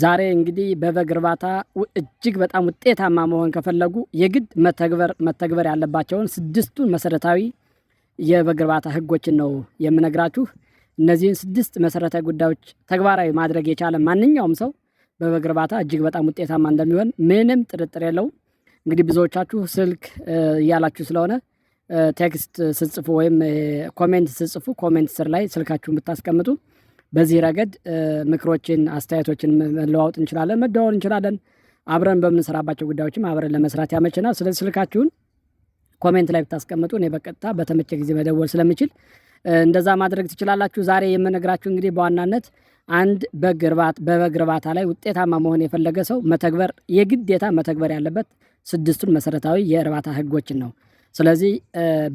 ዛሬ እንግዲህ በበግ እርባታ እጅግ በጣም ውጤታማ መሆን ከፈለጉ የግድ መተግበር መተግበር ያለባቸውን ስድስቱን መሰረታዊ የበግ እርባታ ህጎችን ነው የምነግራችሁ። እነዚህን ስድስት መሰረታዊ ጉዳዮች ተግባራዊ ማድረግ የቻለ ማንኛውም ሰው በበግ እርባታ እጅግ በጣም ውጤታማ እንደሚሆን ምንም ጥርጥር የለውም። እንግዲህ ብዙዎቻችሁ ስልክ እያላችሁ ስለሆነ ቴክስት ስጽፉ ወይም ኮሜንት ስጽፉ ኮሜንት ስር ላይ ስልካችሁን ብታስቀምጡ በዚህ ረገድ ምክሮችን፣ አስተያየቶችን መለዋወጥ እንችላለን፣ መደዋወል እንችላለን። አብረን በምንሰራባቸው ጉዳዮችም አብረን ለመስራት ያመችናል። ስለዚህ ስልካችሁን ኮሜንት ላይ ብታስቀምጡ እኔ በቀጥታ በተመቸ ጊዜ መደወል ስለምችል እንደዛ ማድረግ ትችላላችሁ። ዛሬ የምነግራችሁ እንግዲህ በዋናነት አንድ በግ እርባታ በበግ እርባታ ላይ ውጤታማ መሆን የፈለገ ሰው መተግበር የግዴታ መተግበር ያለበት ስድስቱን መሰረታዊ የእርባታ ህጎችን ነው። ስለዚህ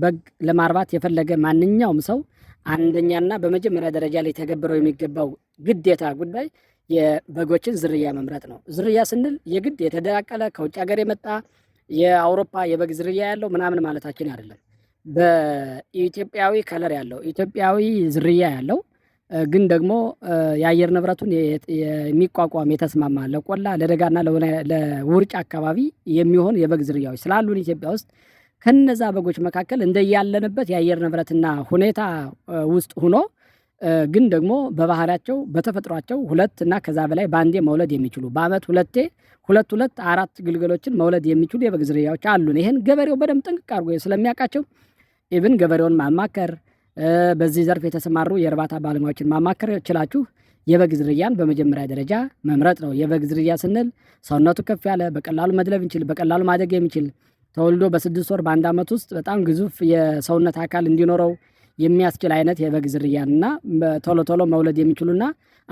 በግ ለማርባት የፈለገ ማንኛውም ሰው አንደኛና በመጀመሪያ ደረጃ ላይ ተገብረው የሚገባው ግዴታ ጉዳይ የበጎችን ዝርያ መምረጥ ነው። ዝርያ ስንል የግድ የተደላቀለ ከውጭ ሀገር የመጣ የአውሮፓ የበግ ዝርያ ያለው ምናምን ማለታችን አይደለም። በኢትዮጵያዊ ከለር ያለው ኢትዮጵያዊ ዝርያ ያለው ግን ደግሞ የአየር ንብረቱን የሚቋቋም የተስማማ ለቆላ ለደጋና ለውርጭ አካባቢ የሚሆን የበግ ዝርያዎች ስላሉን ኢትዮጵያ ውስጥ ከነዛ በጎች መካከል እንደያለንበት የአየር ንብረትና ሁኔታ ውስጥ ሆኖ ግን ደግሞ በባህሪያቸው በተፈጥሯቸው ሁለት እና ከዛ በላይ በአንዴ መውለድ የሚችሉ በአመት ሁለቴ ሁለት ሁለት አራት ግልገሎችን መውለድ የሚችሉ የበግ ዝርያዎች አሉን። ይህን ገበሬው በደንብ ጥንቅቅ አድርጎ ስለሚያውቃቸው ኢብን ገበሬውን ማማከር በዚህ ዘርፍ የተሰማሩ የእርባታ ባለሙያዎችን ማማከር ችላችሁ የበግ ዝርያን በመጀመሪያ ደረጃ መምረጥ ነው። የበግ ዝርያ ስንል ሰውነቱ ከፍ ያለ በቀላሉ መድለብ እንችል በቀላሉ ማደግ የሚችል ተወልዶ በስድስት ወር በአንድ ዓመት ውስጥ በጣም ግዙፍ የሰውነት አካል እንዲኖረው የሚያስችል አይነት የበግ ዝርያንና ቶሎ ቶሎ መውለድ የሚችሉና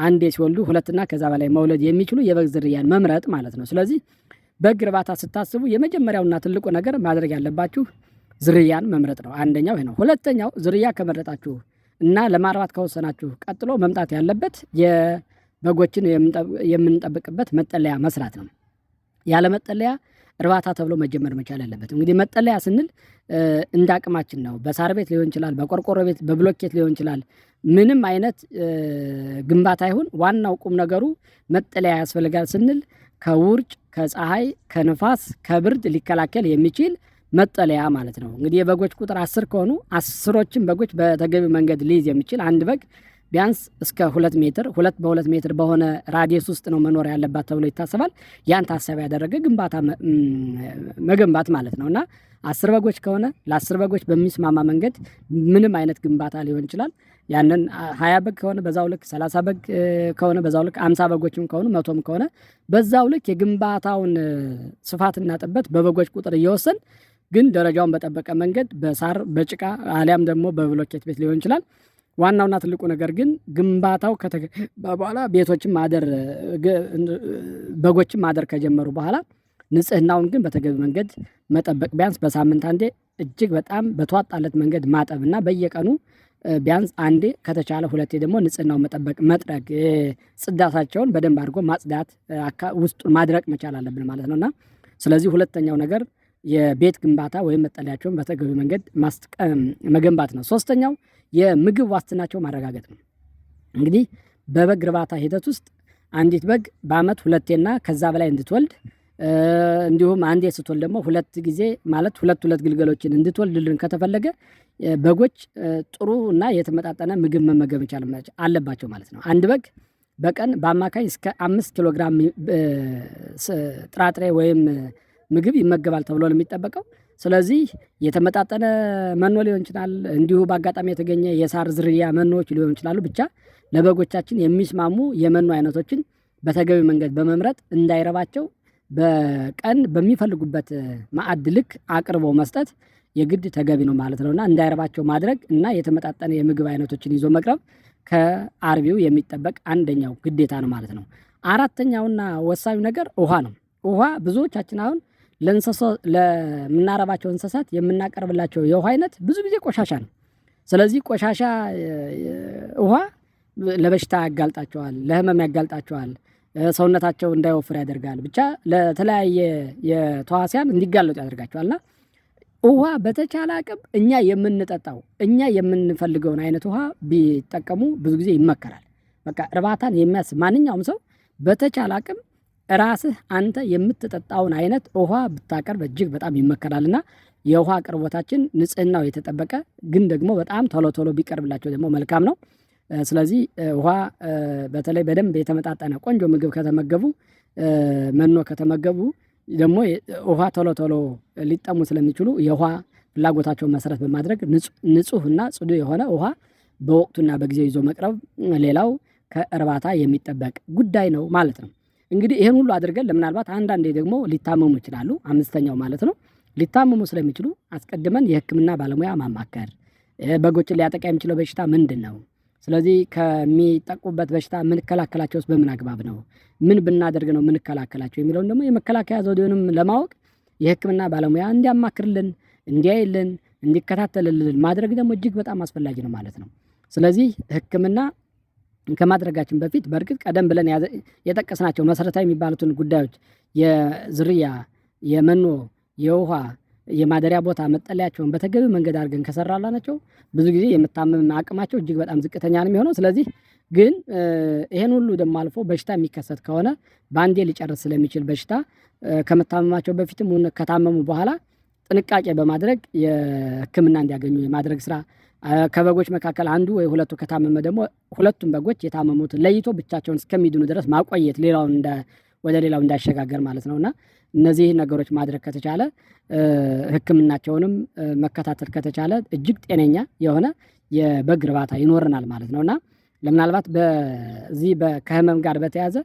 አንዴ ሲወልዱ ሁለትና ከዛ በላይ መውለድ የሚችሉ የበግ ዝርያን መምረጥ ማለት ነው። ስለዚህ በግ እርባታ ስታስቡ የመጀመሪያውና ትልቁ ነገር ማድረግ ያለባችሁ ዝርያን መምረጥ ነው። አንደኛው ይሄ ነው። ሁለተኛው ዝርያ ከመረጣችሁ እና ለማርባት ከወሰናችሁ ቀጥሎ መምጣት ያለበት የበጎችን የምንጠብቅበት መጠለያ መስራት ነው። ያለ መጠለያ እርባታ ተብሎ መጀመር መቻል አለበት። እንግዲህ መጠለያ ስንል እንደ አቅማችን ነው። በሳር ቤት ሊሆን ይችላል፣ በቆርቆሮ ቤት፣ በብሎኬት ሊሆን ይችላል። ምንም አይነት ግንባታ ይሁን ዋናው ቁም ነገሩ መጠለያ ያስፈልጋል ስንል ከውርጭ፣ ከፀሐይ፣ ከንፋስ፣ ከብርድ ሊከላከል የሚችል መጠለያ ማለት ነው። እንግዲህ የበጎች ቁጥር አስር ከሆኑ አስሮችን በጎች በተገቢ መንገድ ሊይዝ የሚችል አንድ በግ ቢያንስ እስከ ሁለት ሜትር ሁለት በሁለት ሜትር በሆነ ራዲየስ ውስጥ ነው መኖር ያለባት ተብሎ ይታሰባል። ያን ታሳቢ ያደረገ ግንባታ መገንባት ማለት ነው እና አስር በጎች ከሆነ ለአስር በጎች በሚስማማ መንገድ ምንም አይነት ግንባታ ሊሆን ይችላል። ያንን ሀያ በግ ከሆነ በዛው ልክ ሰላሳ በግ ከሆነ በዛው ልክ አምሳ በጎችም ከሆኑ መቶም ከሆነ በዛው ልክ የግንባታውን ስፋትና ጥበት በበጎች ቁጥር እየወሰን ግን ደረጃውን በጠበቀ መንገድ በሳር በጭቃ አሊያም ደግሞ በብሎኬት ቤት ሊሆን ይችላል ዋናውና ትልቁ ነገር ግን ግንባታው በኋላ ቤቶችን ማደር በጎችን ማደር ከጀመሩ በኋላ ንጽህናውን ግን በተገቢ መንገድ መጠበቅ ቢያንስ በሳምንት አንዴ እጅግ በጣም በተዋጣለት መንገድ ማጠብ እና በየቀኑ ቢያንስ አንዴ ከተቻለ ሁለቴ ደግሞ ንጽህናውን መጠበቅ መጥረግ ጽዳታቸውን በደንብ አድርጎ ማጽዳት ውስጡን ማድረቅ መቻል አለብን ማለት ነው እና ስለዚህ ሁለተኛው ነገር የቤት ግንባታ ወይም መጠለያቸውን በተገቢ መንገድ መገንባት ነው። ሶስተኛው የምግብ ዋስትናቸው ማረጋገጥ ነው። እንግዲህ በበግ እርባታ ሂደት ውስጥ አንዲት በግ በአመት ሁለቴና ከዛ በላይ እንድትወልድ እንዲሁም አንዴ ስትወልድ ደግሞ ሁለት ጊዜ ማለት ሁለት ሁለት ግልገሎችን እንድትወልድልን ከተፈለገ በጎች ጥሩ እና የተመጣጠነ ምግብ መመገብ መቻል አለባቸው ማለት ነው። አንድ በግ በቀን በአማካኝ እስከ አምስት ኪሎ ግራም ጥራጥሬ ወይም ምግብ ይመገባል ተብሎ ነው የሚጠበቀው። ስለዚህ የተመጣጠነ መኖ ሊሆን ይችላል እንዲሁ በአጋጣሚ የተገኘ የሳር ዝርያ መኖዎች ሊሆኑ ይችላሉ ብቻ ለበጎቻችን የሚስማሙ የመኖ አይነቶችን በተገቢ መንገድ በመምረጥ እንዳይረባቸው በቀን በሚፈልጉበት ማዕድ ልክ አቅርቦ መስጠት የግድ ተገቢ ነው ማለት ነው። እና እንዳይረባቸው ማድረግ እና የተመጣጠነ የምግብ አይነቶችን ይዞ መቅረብ ከአርቢው የሚጠበቅ አንደኛው ግዴታ ነው ማለት ነው። አራተኛውና ወሳኙ ነገር ውሃ ነው። ውሃ ብዙዎቻችን አሁን ለምናረባቸው እንስሳት የምናቀርብላቸው የውሃ አይነት ብዙ ጊዜ ቆሻሻ ነው። ስለዚህ ቆሻሻ ውሃ ለበሽታ ያጋልጣቸዋል፣ ለህመም ያጋልጣቸዋል፣ ሰውነታቸው እንዳይወፍር ያደርጋል። ብቻ ለተለያየ የተዋሲያን እንዲጋለጡ ያደርጋቸዋል። እና ውሃ በተቻለ አቅም እኛ የምንጠጣው እኛ የምንፈልገውን አይነት ውሃ ቢጠቀሙ ብዙ ጊዜ ይመከራል። በቃ እርባታን የሚያስብ ማንኛውም ሰው በተቻለ አቅም ራስህ አንተ የምትጠጣውን አይነት ውሃ ብታቀርብ እጅግ በጣም ይመከራል። የውሃ አቅርቦታችን ንጽህናው የተጠበቀ ግን ደግሞ በጣም ቶሎ ቶሎ ቢቀርብላቸው ደግሞ መልካም ነው። ስለዚህ ውሃ በተለይ በደንብ የተመጣጠነ ቆንጆ ምግብ ከተመገቡ መኖ ከተመገቡ ደግሞ ውሃ ቶሎ ቶሎ ሊጠሙ ስለሚችሉ የውሃ ፍላጎታቸውን መሰረት በማድረግ ንፁህና ጽዱ የሆነ ውሃ በወቅቱና በጊዜው ይዞ መቅረብ ሌላው ከእርባታ የሚጠበቅ ጉዳይ ነው ማለት ነው እንግዲህ ይህን ሁሉ አድርገን ለምናልባት አንዳንዴ ደግሞ ሊታመሙ ይችላሉ። አምስተኛው ማለት ነው ሊታመሙ ስለሚችሉ አስቀድመን የሕክምና ባለሙያ ማማከር፣ በጎችን ሊያጠቃ የሚችለው በሽታ ምንድን ነው? ስለዚህ ከሚጠቁበት በሽታ የምንከላከላቸውስ በምን አግባብ ነው? ምን ብናደርግ ነው ምንከላከላቸው? የሚለውን ደግሞ የመከላከያ ዘዴውንም ለማወቅ የሕክምና ባለሙያ እንዲያማክርልን፣ እንዲያይልን፣ እንዲከታተልልን ማድረግ ደግሞ እጅግ በጣም አስፈላጊ ነው ማለት ነው። ስለዚህ ሕክምና ከማድረጋችን በፊት በእርግጥ ቀደም ብለን የጠቀስናቸው መሰረታዊ የሚባሉትን ጉዳዮች የዝርያ፣ የመኖ፣ የውሃ፣ የማደሪያ ቦታ መጠለያቸውን በተገቢ መንገድ አድርገን ከሰራላናቸው ብዙ ጊዜ የመታመም አቅማቸው እጅግ በጣም ዝቅተኛ ነው የሚሆነው። ስለዚህ ግን ይሄን ሁሉ ደግሞ አልፎ በሽታ የሚከሰት ከሆነ በአንዴ ሊጨርስ ስለሚችል በሽታ ከመታመማቸው በፊትም ከታመሙ በኋላ ጥንቃቄ በማድረግ የሕክምና እንዲያገኙ የማድረግ ስራ ከበጎች መካከል አንዱ ወይ ሁለቱ ከታመመ ደግሞ ሁለቱም በጎች የታመሙት ለይቶ ብቻቸውን እስከሚድኑ ድረስ ማቆየት ሌላውን ወደ ሌላው እንዳይሸጋገር ማለት ነው እና እነዚህ ነገሮች ማድረግ ከተቻለ ሕክምናቸውንም መከታተል ከተቻለ እጅግ ጤነኛ የሆነ የበግ እርባታ ይኖረናል ማለት ነው እና ለምናልባት በዚህ ከህመም ጋር በተያያዘ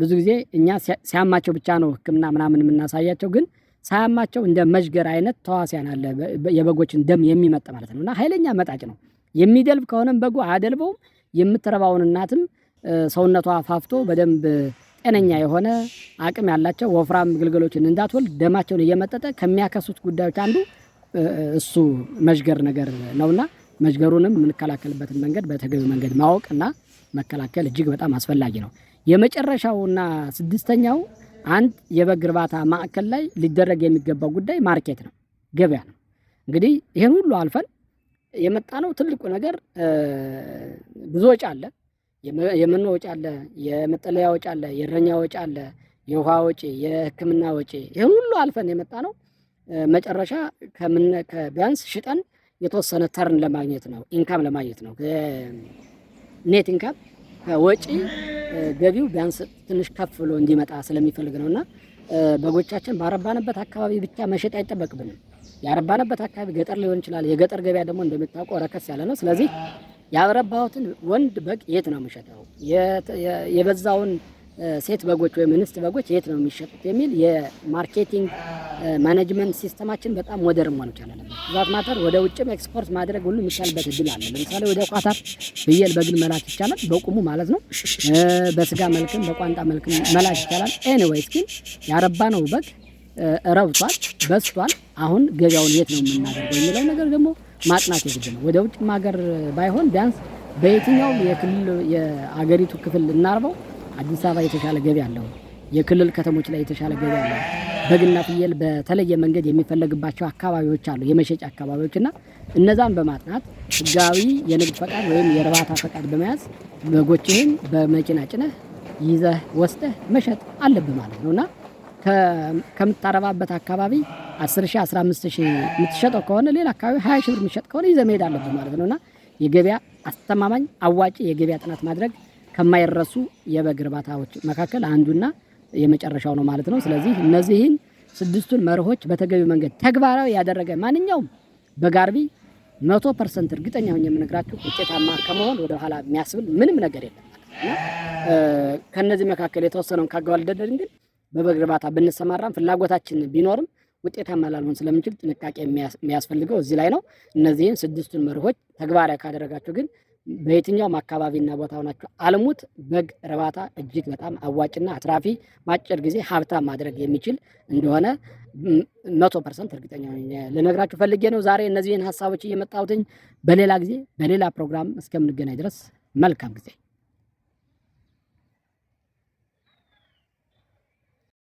ብዙ ጊዜ እኛ ሲያማቸው ብቻ ነው ሕክምና ምናምን የምናሳያቸው ግን ሳያማቸው እንደ መዥገር አይነት ተዋሲያን አለ። የበጎችን ደም የሚመጥ ማለት ነው። እና ኃይለኛ መጣጭ ነው። የሚደልብ ከሆነም በጎ አያደልበውም። የምትረባውን እናትም ሰውነቷ ፋፍቶ በደንብ ጤነኛ የሆነ አቅም ያላቸው ወፍራም ግልገሎችን እንዳትወልድ ደማቸውን እየመጠጠ ከሚያከሱት ጉዳዮች አንዱ እሱ መዥገር ነገር ነውና መዥገሩንም የምንከላከልበትን መንገድ በተገቢ መንገድ ማወቅ እና መከላከል እጅግ በጣም አስፈላጊ ነው። የመጨረሻውና ስድስተኛው አንድ የበግ እርባታ ማዕከል ላይ ሊደረግ የሚገባው ጉዳይ ማርኬት ነው፣ ገበያ ነው። እንግዲህ ይህን ሁሉ አልፈን የመጣ ነው። ትልቁ ነገር ብዙ ወጪ አለ። የመኖ ወጪ አለ፣ የመጠለያ ወጪ አለ፣ የእረኛ ወጪ አለ፣ የውሃ ወጪ፣ የሕክምና ወጪ። ይህን ሁሉ አልፈን የመጣ ነው። መጨረሻ ከቢያንስ ሽጠን የተወሰነ ተርን ለማግኘት ነው፣ ኢንካም ለማግኘት ነው፣ ኔት ኢንካም ወጪ ገቢው ቢያንስ ትንሽ ከፍ ብሎ እንዲመጣ ስለሚፈልግ ነው እና በጎቻችን ባረባንበት አካባቢ ብቻ መሸጥ አይጠበቅብንም። ያረባንበት አካባቢ ገጠር ሊሆን ይችላል። የገጠር ገበያ ደግሞ እንደምታውቀው ረከስ ያለ ነው። ስለዚህ ያረባሁትን ወንድ በግ የት ነው የምሸጠው? የበዛውን ሴት በጎች ወይም እንስት በጎች የት ነው የሚሸጡት የሚል የማርኬቲንግ ማኔጅመንት ሲስተማችን በጣም ወደር መሆን ይቻላል። ዛት ማተር ወደ ውጭም ኤክስፖርት ማድረግ ሁሉ የሚቻልበት እድል አለ። ለምሳሌ ወደ ኳታር ብየል በግን መላክ ይቻላል፣ በቁሙ ማለት ነው። በስጋ መልክም በቋንጣ መልክም መላክ ይቻላል። ኤኒዌይስ ግን ያረባ ነው በግ ረብቷል፣ በስቷል። አሁን ገበያውን የት ነው የምናደርገው የሚለው ነገር ደግሞ ማጥናት የግድ ነው። ወደ ውጭም ሀገር ባይሆን ቢያንስ በየትኛው የክልል የአገሪቱ ክፍል እናርበው አዲስ አበባ የተሻለ ገቢ አለው። የክልል ከተሞች ላይ የተሻለ ገቢ አለው። በግና ፍየል በተለየ መንገድ የሚፈለግባቸው አካባቢዎች አሉ፣ የመሸጫ አካባቢዎች እና እነዛን በማጥናት ህጋዊ የንግድ ፈቃድ ወይም የእርባታ ፈቃድ በመያዝ በጎችህን በመኪና ጭነህ ይዘህ ወስደህ መሸጥ አለብህ ማለት ነው እና ከምታረባበት አካባቢ 10 ሺህ 15 ሺህ የምትሸጠው ከሆነ ሌላ አካባቢ 20 ሺህ ብር የምትሸጥ ከሆነ ይዘህ መሄድ አለብህ ማለት ነው እና የገበያ አስተማማኝ አዋጭ የገበያ ጥናት ማድረግ ከማይረሱ የበግ እርባታዎች መካከል አንዱና የመጨረሻው ነው ማለት ነው። ስለዚህ እነዚህን ስድስቱን መርሆች በተገቢ መንገድ ተግባራዊ ያደረገ ማንኛውም በግ አርቢ መቶ ፐርሰንት እርግጠኛ ሆኜ የምነግራችሁ ውጤታማ ከመሆን ወደ ኋላ የሚያስብል ምንም ነገር የለም። ከነዚህ መካከል የተወሰነውን ካገባደድን ግን በበግ እርባታ ብንሰማራም ፍላጎታችን ቢኖርም ውጤታማ ላልሆን ስለምንችል ጥንቃቄ የሚያስፈልገው እዚህ ላይ ነው። እነዚህን ስድስቱን መርሆች ተግባራዊ ካደረጋችሁ ግን በየትኛውም አካባቢና ቦታ ሆናችሁ አልሙት። በግ እርባታ እጅግ በጣም አዋጭና አትራፊ በአጭር ጊዜ ሀብታም ማድረግ የሚችል እንደሆነ መቶ ፐርሰንት እርግጠኛ ልነግራችሁ ፈልጌ ነው ዛሬ እነዚህን ሀሳቦች እየመጣሁትኝ። በሌላ ጊዜ በሌላ ፕሮግራም እስከምንገናኝ ድረስ መልካም ጊዜ